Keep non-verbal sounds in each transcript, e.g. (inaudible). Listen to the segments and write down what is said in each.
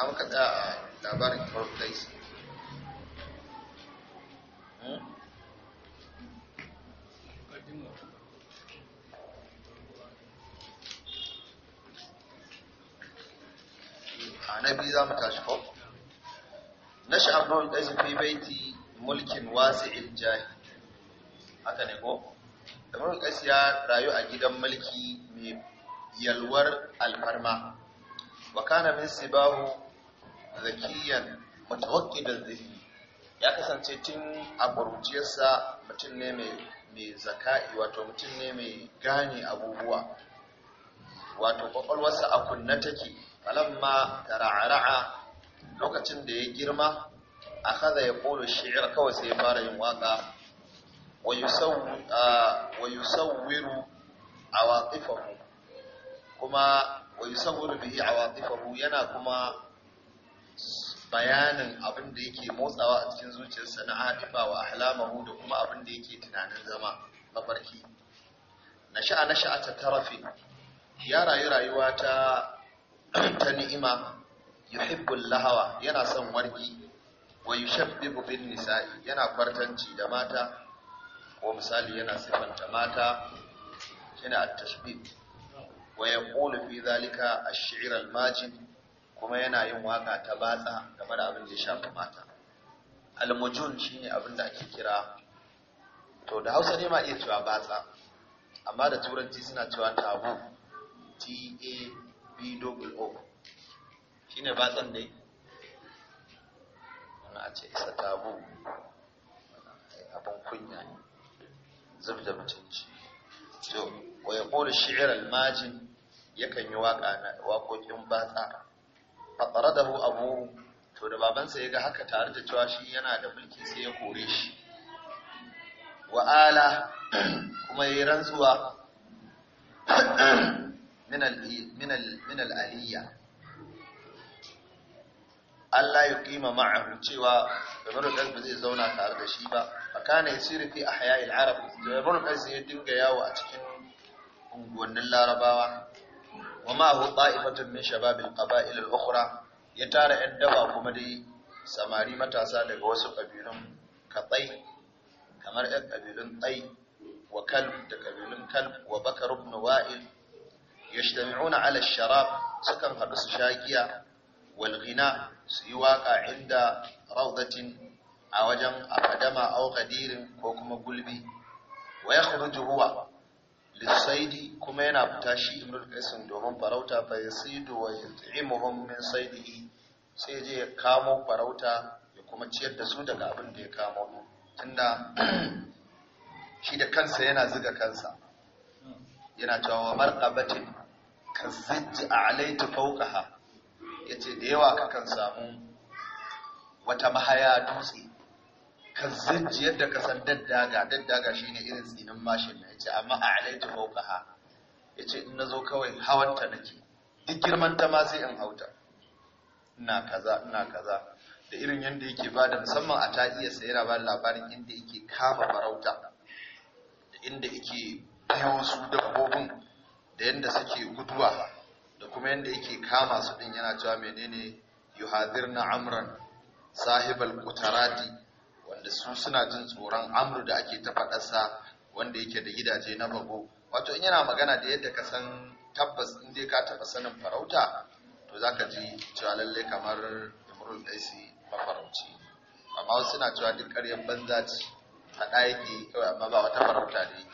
na muka tsaya a labarin third place hmm? a na biyu za mu tashi ko na sha'abun ɗaisu fi baiti mulkin wasu iljahi haka ne ko da mulkin ƙasi ya rayu a gidan mulki mai yalwar alfarma wa kana min sibahu zakiyan mutawakkidan zihni ya kasance tun a ƙwaruciyarsa mutum ne mai zaka'i wato mutum ne mai gane abubuwa wato ƙwaƙwalwarsa a kunna take falamma ra'ara'a lokacin da ya girma a kada ya ƙolo shi'ir kawai sai ya fara yin waƙa wa sauwiru a waƙifahu kuma wa yusawwiru bihi a waƙifahu yana kuma bayanin abin da yake motsawa a cikin zuciyarsa na ahadifa wa ahlamahu da kuma abin da yake tunanin zama mafarki Na sha'a ta tarafi ya rayu rayuwa ta ta ni'ima yuhibbul lahawa yana son wargi wa yushabbibu bin nisa'i yana kwartanci da mata ko misali yana sifanta mata shine at tashbib wa yaqulu fi dhalika ash-shi'r al kuma yana yin waka ta batsa game da abin da ya shafi mata almujun shine abin da ake kira to da hausa ne ma iya cewa batsa amma da turanci suna cewa tabu t a b o shine batsan dai ana a ce isa tabu abin kunya ne zub da mutunci to wa yaqulu shi'r al-majin yakan yi waka waƙoƙin batsa fataradahu abu to da babansa ya ga haka tare da cewa shi yana da mulki sai ya kore shi wa'ala kuma ya yi rantsuwa min aliyya Allah ya kima ma'ahu cewa Jabaru Ɗan ba zai zauna tare da shi ba, a kana ya siri fi a haya al'arab, Jabaru Ɗan sai ya dinga yawo a cikin unguwannin larabawa, wa ma'ahu ta'ifatun min shababil qaba'il al-ukhra ya tara yan daba kuma dai samari matasa daga wasu kabilun katsai kamar yan kabilun tsai wa kalb da kabilun kalb wa bakar ibn wa'il yajtami'una 'ala sharaf sukan hadu su shagiya wal ghina su yi waka inda rawdatin a wajen akadama au qadirin ko kuma gulbi wa yakhruju huwa lissaidi kuma yana fita shi imrul qaisin domin farauta fa yasidu wa yut'imuhum min saidihi sai je ya kamo farauta ya kuma ciyar da su daga abin da ya kamo tunda shi da kansa yana ziga kansa yana cewa wa marqabatin kazajji alaita fawqaha yace da yawa kakan samu wata mahaya dutse ka zinci yadda ka san daddaga daddaga shine irin tsinin mashin na ce amma a ha ya ce in zo kawai hawanta nake duk girman ta ma sai in hauta ina kaza ina kaza da irin yadda yake da musamman a ta iya sayar ba labarin inda yake kama farauta da inda yake yawan su dabbobin da yadda suke guduwa da kuma yanda yake kama su din yana cewa menene na amran sahibal Kutarati? da su suna jin tsoron amru da ake ta faɗarsa wanda yake da gidaje na bago wato in yana magana da yadda ka san tabbas in dai ka taɓa sanin farauta to za ka ji cewa lallai kamar imrul daisi mafarauci amma wasu suna cewa duk ƙaryar banza ce faɗa yake kawai amma ba wata farauta da yake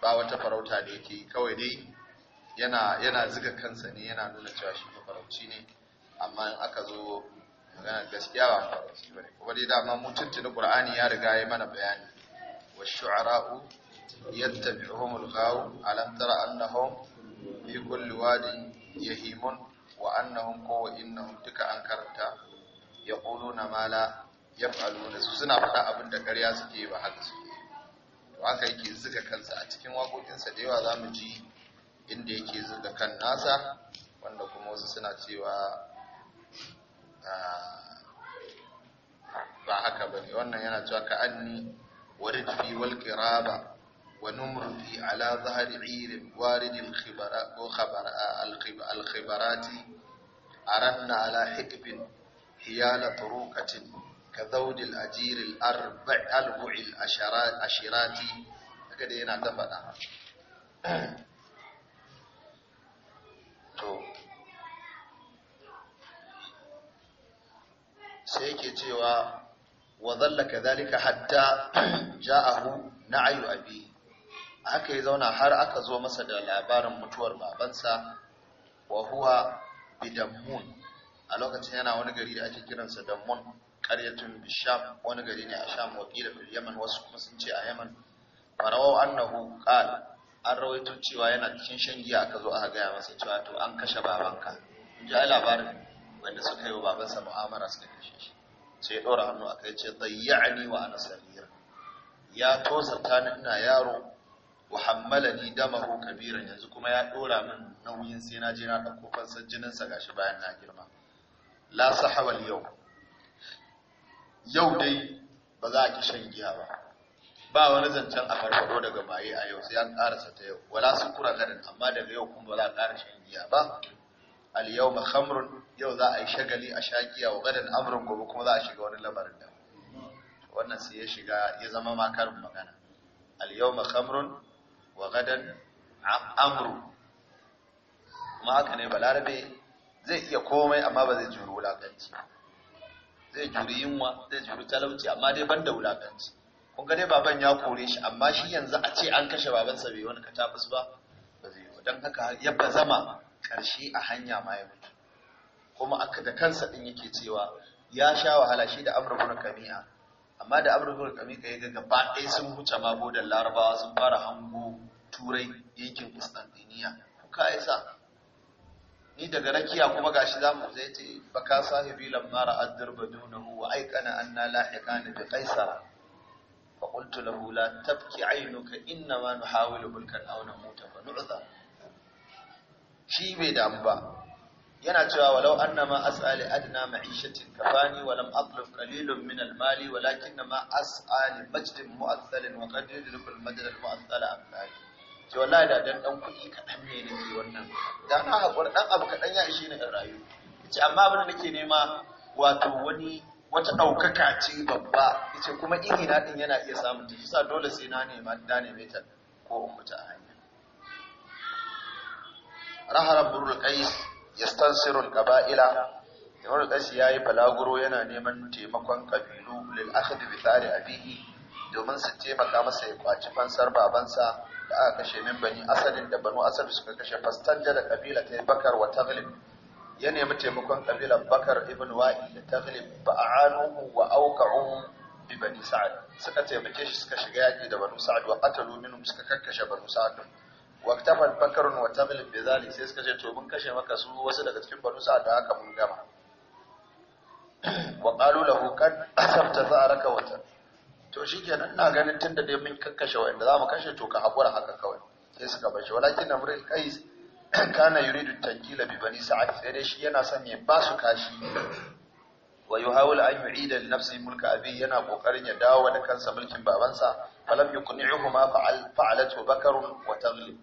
ba wata farauta da yake kawai dai yana yana ziga kansa ne yana nuna cewa shi mafarauci ne amma in aka zo magana gaskiya ba kuma dai dama mun na qur'ani ya riga ya mana bayani wa shu'ara'u yattabi'uhum al-ghaw alam tara annahum fi kulli wadin yahimun wa annahum qaw innahum duka an karanta yaquluna ma la yaf'aluna su suna faɗa abin da ƙarya suke ba haka suke to haka yake zuga kansa a cikin sa da yawa zamu ji inda yake zuga kan nasa wanda kuma wasu suna cewa ba haka ba ne wannan yana cewa ka anni warid fi wal kiraba wa numrudi ala zahari irin warid al khibara ko khabara al khibarati aranna ala hikbin hiyala turuqatin ka zawdil ajir al arba al bu'il asharat ashirati kaga da yana ta faɗa to sai yake cewa wa zalla ahu hatta (clears throat) ja'ahu na'yu abi haka ya zauna har aka zo masa da labarin mutuwar babansa wa huwa bidammun a lokacin yana wani gari da ake kiransa dammun qaryatun bisham wani gari ne a sham wa qila fil yaman wasu kuma sun ce a yaman farawau annahu qal an rawaito cewa yana cikin shan giya aka zo aka gaya masa cewa to an kashe babanka ji labarin wanda suka yi wa babansa mu'amara suka kashe shi sai ya ɗora hannu a kai ce dayya'ani wa ana sabira ya ta ni ina yaro wa hammalani damahu kabiran yanzu kuma ya ɗora min nauyin sai na je na ɗauko fansar jininsa gashi bayan na girma la sahawal yau yau dai ba za ki shan giya ba ba wani zancen a farfado daga maye a yau sai an karasa ta yau wala su kura garin amma daga yau kuma ba za a ƙara shan giya ba al-yawma khamrun yau za a yi shagali a shagiya wa gadan amrun gobe kuma za a shiga wani lamarin da wannan sai ya shiga ya zama ma karin magana al-yawma khamrun wa gadan amru kuma haka ne balarabe zai iya komai amma ba zai juri wulakanci zai juri yunwa zai juri talauci amma dai ban da wulakanci kun ga dai baban ya kore shi amma shi yanzu a ce an kashe babansa bai wani katafus ba ba zai yi don haka yabba zama Karshe a hanya ma ya mutu kuma da kansa ɗin yake cewa ya sha wahala shi da amur bin amma da amur bin kami'a ya ga gaba ɗaya sun huce ma bodan larabawa sun fara hango turai yankin kustantiniya kuka ya sa ni daga rakiya kuma gashi za mu zai ce baka sahibi lamara addar badunahu wa aikana anna lahiqana bi qaisara fa qultu lahu la tabki aynuka inna ma nuhawilu bulkan aw namuta fa nu'za shi bai damu ba yana cewa walau annama as'ali adna ma'ishatin kafani wa lam atluf qalilun min al-mali walakin ma as'ali majdin mu'asalin, wa qad yudriku al-madad al-mu'assala amsali ce wallahi da dan dan kuɗi kaɗan ne nake wannan da na haƙura dan abu kaɗan ya ishe ni da rayu ce amma abin da nake nema wato wani wata daukaka ce babba ce kuma iri na yana iya samun ta shi sa dole sai na nema ta mai ta ko in ta a hanya rahar burul qais yastansiru al ibn qais yayi balaguro yana neman taimakon kabilu lil akhd bi thari abihi domin su taimaka masa ya kwaci fansar babansa da aka kashe min bani asadin da banu asad suka kashe fastanja da kabila ta bakar wa taghlib ya nemi taimakon kabilar bakar ibn wa'i da taghlib ba'anuhu wa awqa'uhu bi bani sa'ad suka taimake shi suka shiga yaki da banu sa'ad wa qatalu minhum suka kakkashe banu sa'ad waktafal bakarun wa taglib bi zalik sai suka ce to mun kashe maka su wasu daga cikin banu sa'ad da haka mun gama (clears throat) wa qalu lahu qad asabta za'araka wa ta to shikenan ina ganin tunda dai mun kakkashe wanda zamu kashe to ka hakura haka kawai sai suka bace walakin amrul qais (clears throat) kana yuridu tankila bi bani sa'ad sai dai shi yana son ya ba su kashi wa yuhawil an yu'ida li nafsihi mulka abi yana kokarin ya dawo da kansa mulkin babansa falam yuqni'uhuma fa'al fa'alatu bakarun wa taghlib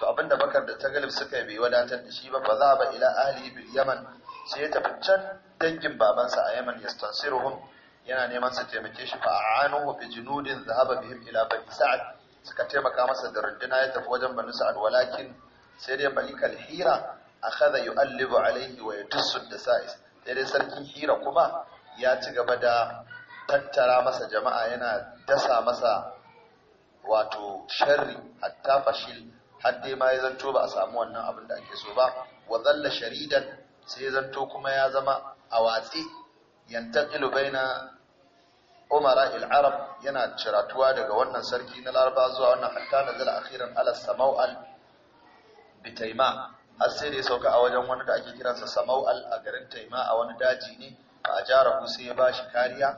to abinda bakar da tagalib suka yi bai wadatar da shi ba fa ba ila ahli bil yaman sai ya tafi can dangin babansa a yaman yastansiruhum yana neman su taimake shi fa aanu bi junudin zahaba bihim ila bani sa'ad suka taimaka masa da runduna ya tafi wajen bani sa'ad walakin sai dai malikal hira akhadha yu'allibu alayhi wa yatussu dasa'is sai dai sarkin hira kuma ya ci gaba da tattara masa jama'a yana dasa masa wato sharri hatta fashil har dai ma ya zanto ba a samu wannan abin da ake so ba wa zalla sharidan sai ya zanto kuma ya zama a watsi yantaqilu baina umara al-arab yana ciratuwa daga wannan sarki na laraba zuwa wannan hatta nazal akhiran ala samawal bitaima har sai ya sauka a wajen wani da ake kiransa samawal a garin taima a wani daji ne fa ajarahu sai ya bashi kariya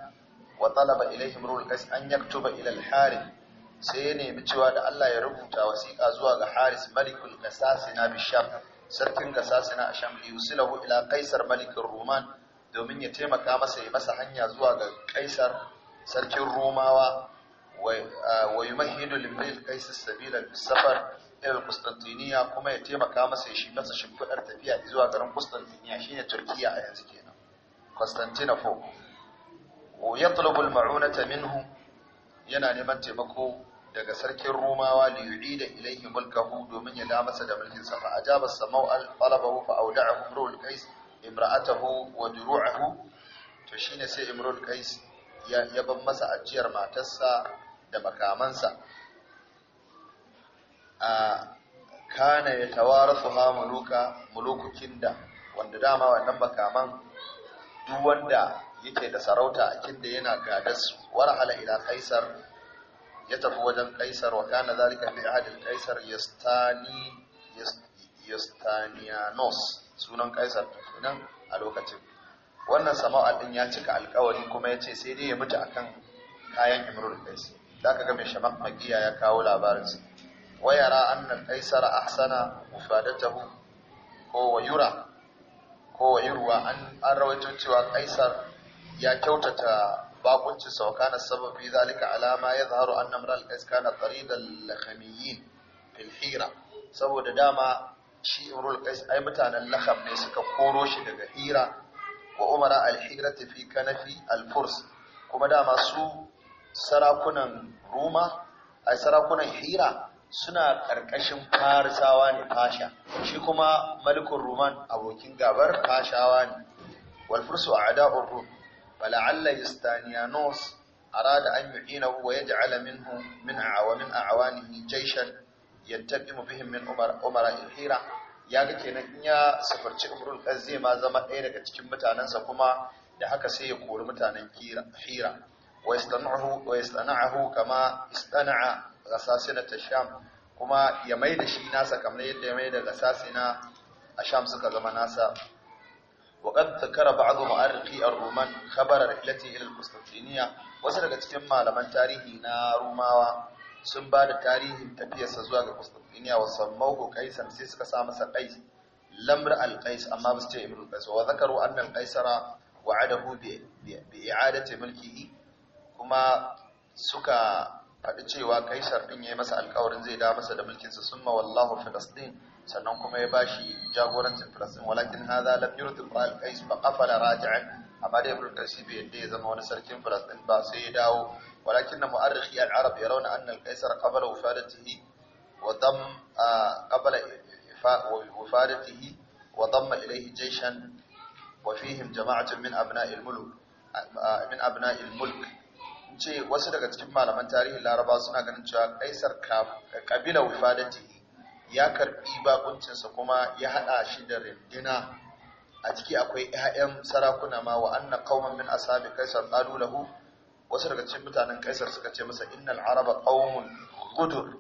wa talaba ilayhim rul qais an yaktuba ila al-harith sai ya nemi cewa da Allah ya rubuta wasiƙa zuwa ga Haris malikul Gasasina Bisham sarkin Gasasina a Sham yusilahu ila Kaisar malikin Roman domin ya taimaka masa ya masa hanya zuwa ga Kaisar sarkin Romawa wa yumahidu limril Kaisar sabila bisafar ila Constantiniya kuma ya taimaka masa ya shi masa shimfiɗar tafiya zuwa garin Constantiniya shine Turkiya a yanzu kenan Constantinople ويطلب المعونة منه yana neman taimako daga sarkin Romawa li da ilayhi mulkahu domin ya lamasa da mulkin sa A jabar samau al talabahu fa awda'ahu imrul qais imra'atahu wa duru'ahu to shine sai imrul qais ya yaban masa ajiyar matarsa da makamansa a kana ya tawarasu ha muluka mulukukin da wanda dama wannan makaman duk wanda yake da sarauta a kinda yana gadar su warhala ila kaisar ya tafi wajen kaisar wa kana zalika fi ahadil kaisar yastani yastanianos sunan kaisar nan a lokacin wannan sama'a din ya cika alkawari kuma ya ce sai dai ya mutu akan kayan imrul kais zaka ga mai shamak magiya ya kawo labarin sa wa yara anna kaisara ahsana mufadatahu ko Wayura ko an an rawaito cewa kaisar ya kyautata bakunci saukana sabab fi zalika alama ya zaharu anna imral qais kana taridan lakhamiyin fil hira saboda dama shi imrul qais ai mutanen lakham ne suka koro shi daga hira wa umara al hira fi kanafi al furs kuma dama su sarakunan ruma ai sarakunan hira suna ƙarƙashin farisawa ne fasha shi kuma malikul ruman abokin gabar fashawa ne wal fursu a'da'ur فلعل يستانيانوس أراد أن يعينه ويجعل منه من ومن أعوانه جيشا ينتقم بهم من أمر أمراء الحيرة ya ga kenan in ya safarci umrul zai ma zama ɗaya daga cikin mutanensa kuma da haka sai ya kori mutanen hira wa yastana'ahu wa yastana'ahu kama gasasina ta sham kuma ya mai da shi nasa kamar yadda ya mai da gasasina a sham suka zama nasa wa qad الرومان خبر ruman khabar al-ilati ila wasu daga cikin malaman tarihi na rumawa sun ba da tarihin tafiyarsa zuwa ga qustantiniya wa sammahu kaisan sai suka sa masa qais lamr al-qais amma ba su ce imru qais wa zakaru anna al-qaisara wa'adahu bi i'adati mulkihi kuma suka faɗi cewa kaisar ɗin ya yi masa alƙawarin zai da masa da mulkinsa sun wallahu filistin sannan kuma ya bashi jagorancin filistin walakin haza lam yurid al qais fa qafala raji'an amma dai ibn al-qaisi bai yadda ya zama wani sarkin falastin ba sai ya dawo walakin na mu'arrikhi al-arab yarawna anna al-qaisar qabala wafatihi wa dam qabla wafatihi wa damma ilayhi jayshan wa fihim jama'atun min abna'i al min abna'i al ce wasu daga cikin malaman tarihin laraba suna ganin cewa kaisar qabila wafatihi ya karbi bakuncinsa kuma ya hada shi da rindina a ciki akwai 'ƴa'ƴan sarakuna ma wa anna qauman min ashabi kaisar qalu lahu wasu daga cikin mutanen kaisar suka ce masa innal araba qaumun gudur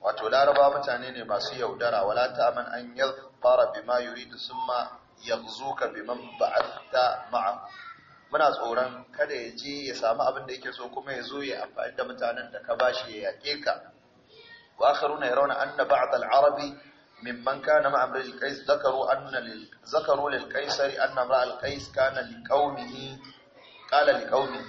wato laraba mutane ne masu yaudara wala ta'man an yadhfara bima yuridu summa yaghzuka biman ba'atha ma'a muna tsoron kada ya je ya samu abin da yake so kuma ya zo ya amfani da mutanen da ka bashi ya yake ka wa akharuna yarawna anna ba'd al-arabi ممن كان مع امرئ القيس ذكروا أن لل... ذكروا للقيصر أن امرأ القيس كان لقومه قال لقومه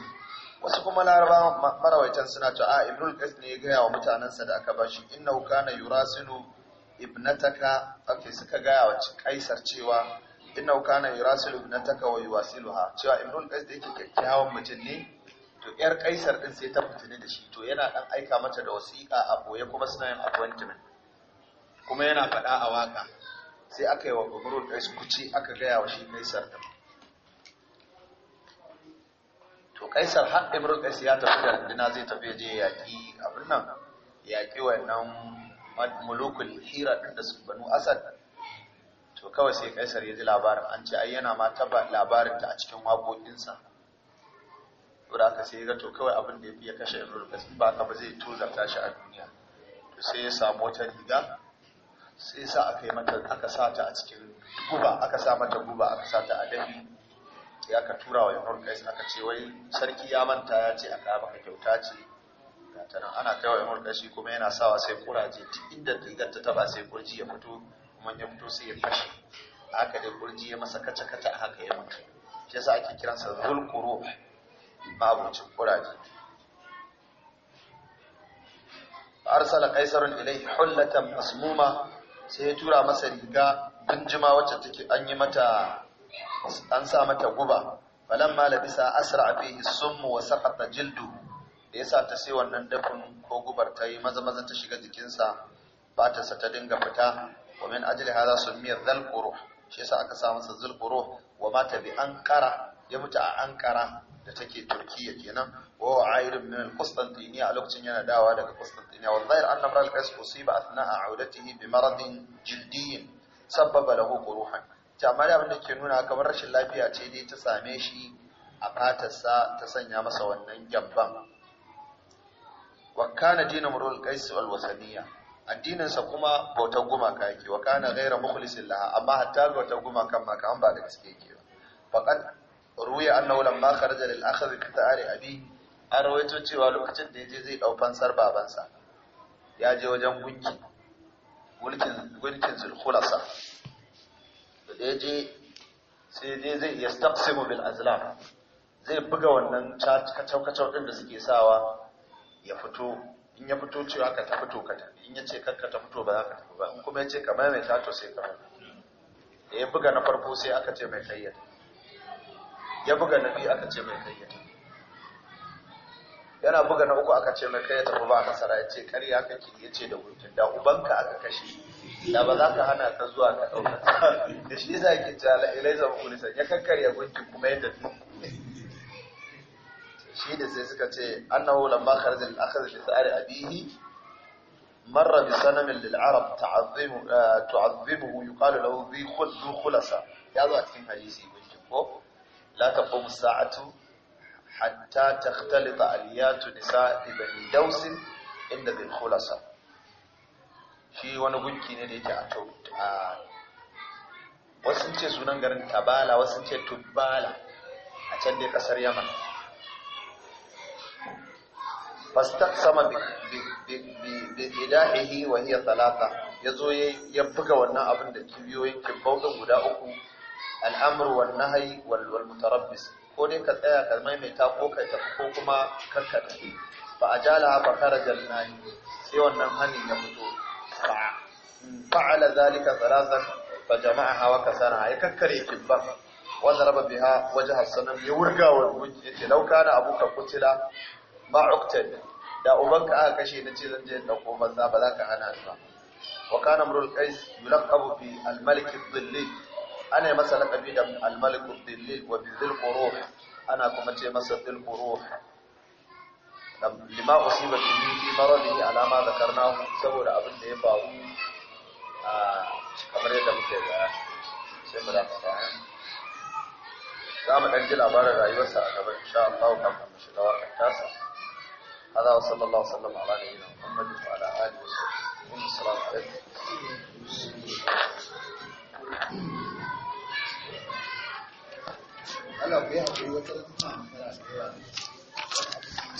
wasu kuma laraba marawaitan suna ta a ibnul qais ne ya gaya wa mutanensa da aka bashi innahu kana yurasinu ibnataka afi suka gaya wa kaisar cewa innahu kana yurasilu ibnataka wa yuwasiluha cewa ibnul qais da yake kyakkyawan mutum ne to yar kaisar din sai ta fitine da shi to yana dan aika mata da wasiƙa a boye kuma suna yin appointment kuma yana faɗa a waka sai aka yi wa da su kuci aka gaya wa shi kaisar da to kaisar har imrul kais ya tafi da dina zai tafi je a abin nan wa wannan mulukul hira ɗin da su banu asad to kawai sai kaisar ya ji labarin an ce ai yana ma taba labarin ta a cikin waƙoƙinsa saboda aka sai ga to kawai abin da ya fi ya kashe imrul ba ka ba zai tozarta shi a duniya to sai ya samu wata riga sai sa aka yi mata aka sata a cikin guba aka sa mata guba aka sa ta a dabi sai aka tura wa yanar kais aka ce wai sarki ya manta ya ce aka baka kyauta ce ga ta nan ana kai wa yanar kais kuma yana sawa sai kuraje inda rigar ta taba sai kurji ya fito kuma ya fito sai ya fashe haka dai kurji ya masa kaca kaca a haka ya mutu shi yasa ake kiransa kuro babu cin kuraje arsala qaisarun ilayhi hullatan masmuma sai ya tura masa riga jima wacce take an yi mata an sa mata guba falamma labisa asra fihi summu wa saqata jildu da yasa ta sai wannan dafin ko gubar ta yi maza maza ta shiga jikinsa Ba ta sa ta dinga fita wa min ajli hadha summiya zalquru shi yasa aka sa masa zalquru wa mata bi ankara ya mutu a ankara da take turkiya kenan wa a aidun min qustantiniya a lokacin yana dawa daga qustantiniya wa zahir anna imra al-qais usiba athna'a audatihi bi maradin jiddiyin sabbaba lahu quruhan ta amma abin da ke nuna kamar rashin lafiya ce dai ta same shi a sa ta sanya masa wannan gyabban wa kana dinu murul qais wal wasaniya addininsa kuma bautar gumaka yake wa kana ghaira mukhlisin laha amma hatta bautar gumakan ma kan ba da gaske yake ba faqad ruwaya annahu lamma kharaja lil akhadh bi ta'ari abi an rawaito cewa lokacin da yaje zai dau fansar babansa ya je wajen gunki gunkin zul khulasa da yaje sai dai zai yastaqsimu bil azlam zai buga wannan kacau-kacau din da suke sawa ya fito in ya fito cewa ka ta fito ka tafi in ya ce kar ka ta fito ba za ka tafi ba in kuma ya ce kamar mai tato sai kamar da ya buga na farko sai aka ce mai kayyata ya buga na biyu aka ce mai kai ya yana buga na uku aka ce mai kai ya tafi ba nasara ya ce karya ki ya ce da wuntun da ubanka aka kashe da ba za ka hana ka zuwa ka ɗauka da shi za ki ci ala ilai eh, zama kulisa ya kakkarya gunki kuma ya tafi shi da sai suka ce annahu lamma kharaja min akhadhi bi sa'ari abihi marra bi sanamin lil arab tu'azzimu eh, yuqalu lahu bi khulasa ya zo a cikin hadisi gunki ko la taqumu sa'atu hatta takhtalita aliyatu nisa'i bani daus inda bil khulasa shi wani gunki ne da yake a to wasu ce sunan garin tabala wasu ce tubbala a can dai kasar yaman sama bi idahihi wa hiya thalatha yazo ya buga wannan abin da kibiyoyin kibbau guda uku al'amur wal nahyi mutarabbis ko dai ka tsaya ka maimaita ko kai tafi ko kuma karka tafi fa ajala fa kharaja al nahi sai wannan hannun ya fito fa'ala zalika thalathan fa jama'aha wa kasara ya kakkare kibban wa zaraba biha wajen sanam ya wurga wa gunki yace law kana abuka kutila ma da ubanka aka kashe nace zan je dauko banza ba za ka hana shi ba wa kana amrul qais yulaqabu fi al malik ad أنا مثلا أبيد الملك الدليل وبذي القروح أنا كمتي مثلا ذي القروح لما أصيبت في مرضي على ما ذكرناه سورة أبن ديفا أمر يدى مكيدا سيما لا تفاهم دعم الأنجل أبارة رأي وسعى إن شاء الله كم هم شلوا أكتاسا هذا وصلى الله وسلم على نبينا محمد وعلى آله وصحبه وسلم Thank you. Allah ku yi haƙuri wata rana